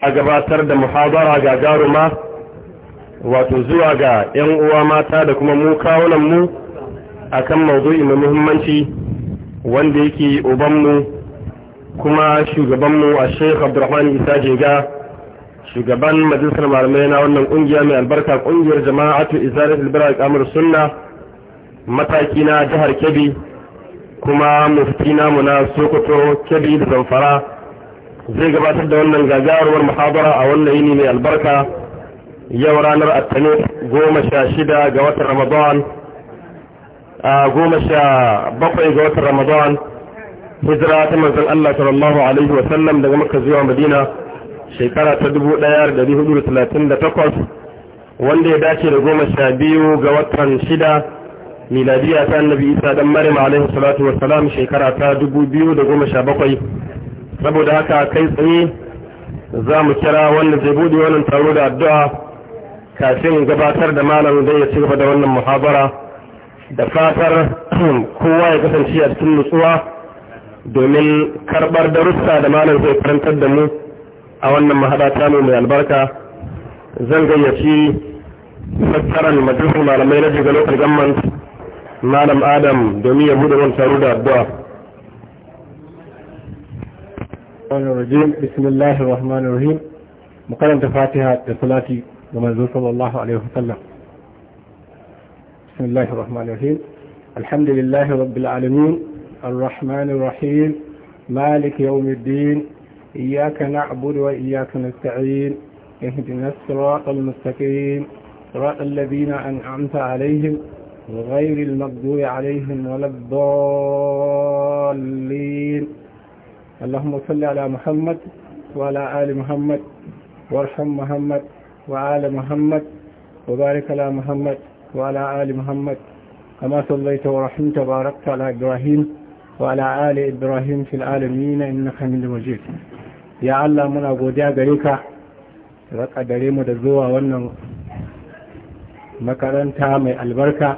a gabatar da muhabara ga gagaruma wato zuwa ga 'yan uwa mata da kuma mu kawunanmu a kan maudu'i mai muhimmanci wanda yake ubanmu kuma shugabanmu a sheikh abdurrahman isa jega shugaban majalisar malamai na wannan kungiya mai albarka kungiyar jama'atu izalat ilbira kamar sunna mataki na jihar kebbi kuma muftina mu na sokoto kebbi da zamfara zai gabatar da wannan gagarumar muhabara a wannan yini mai albarka yau ranar attane goma sha shida ga watan ramadan a goma sha bakwai ga watan ramadan hijira ta manzon Allah sallallahu alaihi wa sallam daga makka zuwa madina shekara ta dubu ɗaya da da hudu talatin takwas wanda ya dace da goma sha biyu ga watan shida miladiya ta annabi isa dan maryam alaihi salatu wa salam shekara ta dubu biyu da goma sha bakwai. saboda haka kai tsaye za mu kira wanda zai buɗe wannan taro da addu'a kafin gabatar da malam da ya ci gaba da wannan muhabara da fatar kowa ya kasance a cikin nutsuwa domin karɓar darussa da malam zai karantar da mu a wannan mahada ta mai albarka zan gayyaci fassarar majalisar malamai na jigalo local government malam adam domin ya buɗe wannan taro da addu'a بسم الله الرحمن الرحيم مقدمة فاتحة لصلاة ومنزول صلى الله عليه وسلم بسم الله الرحمن الرحيم الحمد لله رب العالمين الرحمن الرحيم مالك يوم الدين إياك نعبد وإياك نستعين اهدنا الصراط المستقيم صراط الذين أنعمت عليهم غير المقدور عليهم ولا الضالين اللهم صل على محمد وعلى آل محمد وارحم محمد وعلى محمد وبارك على محمد وعلى آل محمد كما صليت ورحمت وباركت على إبراهيم وعلى آل إبراهيم في العالمين إنك من المجيد يا الله من أبودي gare رقع دريم dare mu مكران تامي البركة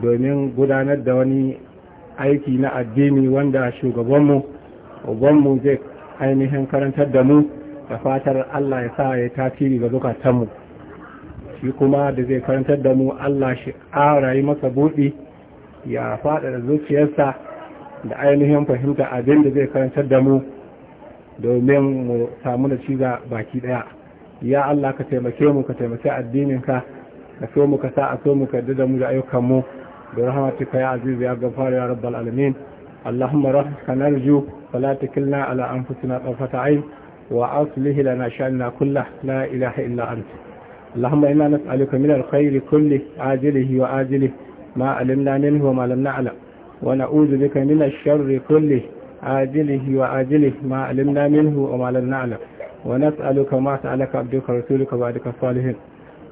makaranta mai albarka domin نأديني واندع شوق بومو ubanmu zai ainihin karantar da mu da fatar Allah ya sa ya tasiri ga zukatanmu shi kuma da zai karantar da mu Allah shi a yi masa buɗi ya da zuciyarsa da ainihin fahimta abin da zai karantar da mu domin mu samu da ciza baki ɗaya ya Allah ka taimake mu ka taimake addininka ka so mu ka sa a so mu ka da mu da ayyukanmu da rahmatika ya azizu ya gafara ya rabbal alamin اللهم رحمك نرجو فلا تكلنا على أنفسنا طرفة عين وأصله لنا شأننا كله لا إله إلا أنت اللهم إنا نسألك من الخير كله عاجله وآجله ما علمنا منه وما لم نعلم ونعوذ بك من الشر كله عاجله وآجله ما علمنا منه وما لم نعلم ونسألك ما سألك عبدك رسولك بعدك الصالحين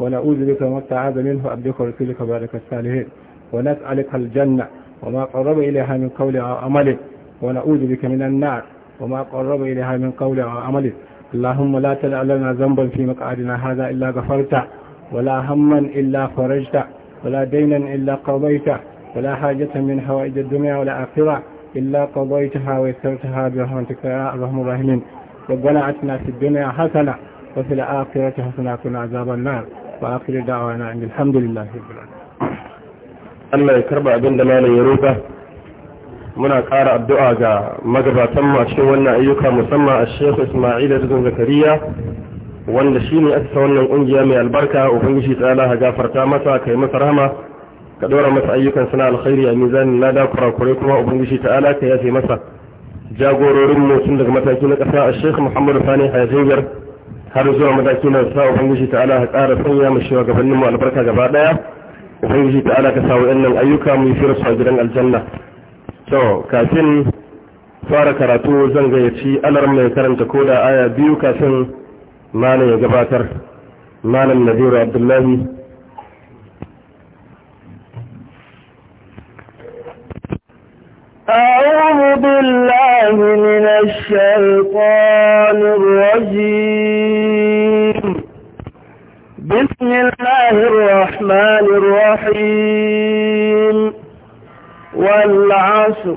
ونعوذ بك ما استعاذ منه عبدك رسولك بعدك الصالحين ونسألك الجنة وما قرب إليها من قول أو عمل ونعوذ بك من النار وما قرب إليها من قول أو عمل اللهم لا تدع لنا ذنبا في مقعدنا هذا إلا غفرت ولا هما إلا فرجت ولا دينا إلا قضيت ولا حاجة من حوائج الدنيا والآخرة إلا قضيتها ويسرتها برحمتك يا أرحم الراحمين ربنا أتنا في الدنيا حسنة وفي الآخرة حسنة كنا عذاب النار وآخر دعوانا عند الحمد لله رب العالمين Allah ya karba abin da malam ya roƙa muna ƙara addu'a ga magabatan a cikin wannan ayyuka musamman a Sheikh Isma'il Rizwan Zakariya wanda ne aka wannan ƙungiya mai albarka ubangiji tsala ha gafarta masa kai masa rahama ka ɗora masa ayyukan sana alkhairi a mizanin lada kurakurai kuma ubangiji ta'ala ka yafe masa jagororin motsin daga mataki na ƙasa a Sheikh Muhammadu Sani Hajjiyar har zuwa mataki na sa ubangiji ta'ala ha ƙara sanya mu shi gabanin mu albarka gaba ɗaya. ubangiji ta ala ka sa wa'annan ayyuka mu fi rasuwa gidan aljanna to kafin fara karatu zan gayyaci alar mai karanta ko koda aya biyu kafin mana ya gabatar malam nadiru abdullahi أعوذ بالله من الشيطان الرحيم والعصر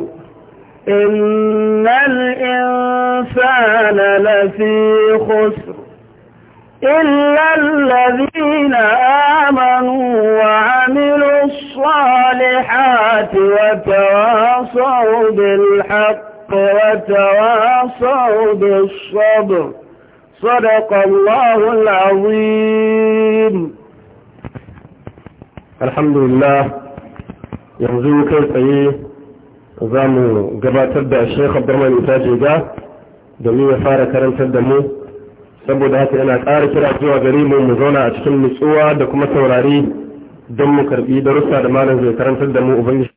إن الإنسان لفي خسر إلا الذين آمنوا وعملوا الصالحات وتواصوا بالحق وتواصوا بالصبر صدق الله العظيم alhamdulillah yanzu kai tsaye za mu gabatar da shekh abdurrahman ta ga domin ya fara karantar da mu saboda haka yana ƙara kira zuwa gari mu mu zauna a cikin nutsuwa da kuma saurari don mu karbi darussa da malam zai karantar da mu ubangiji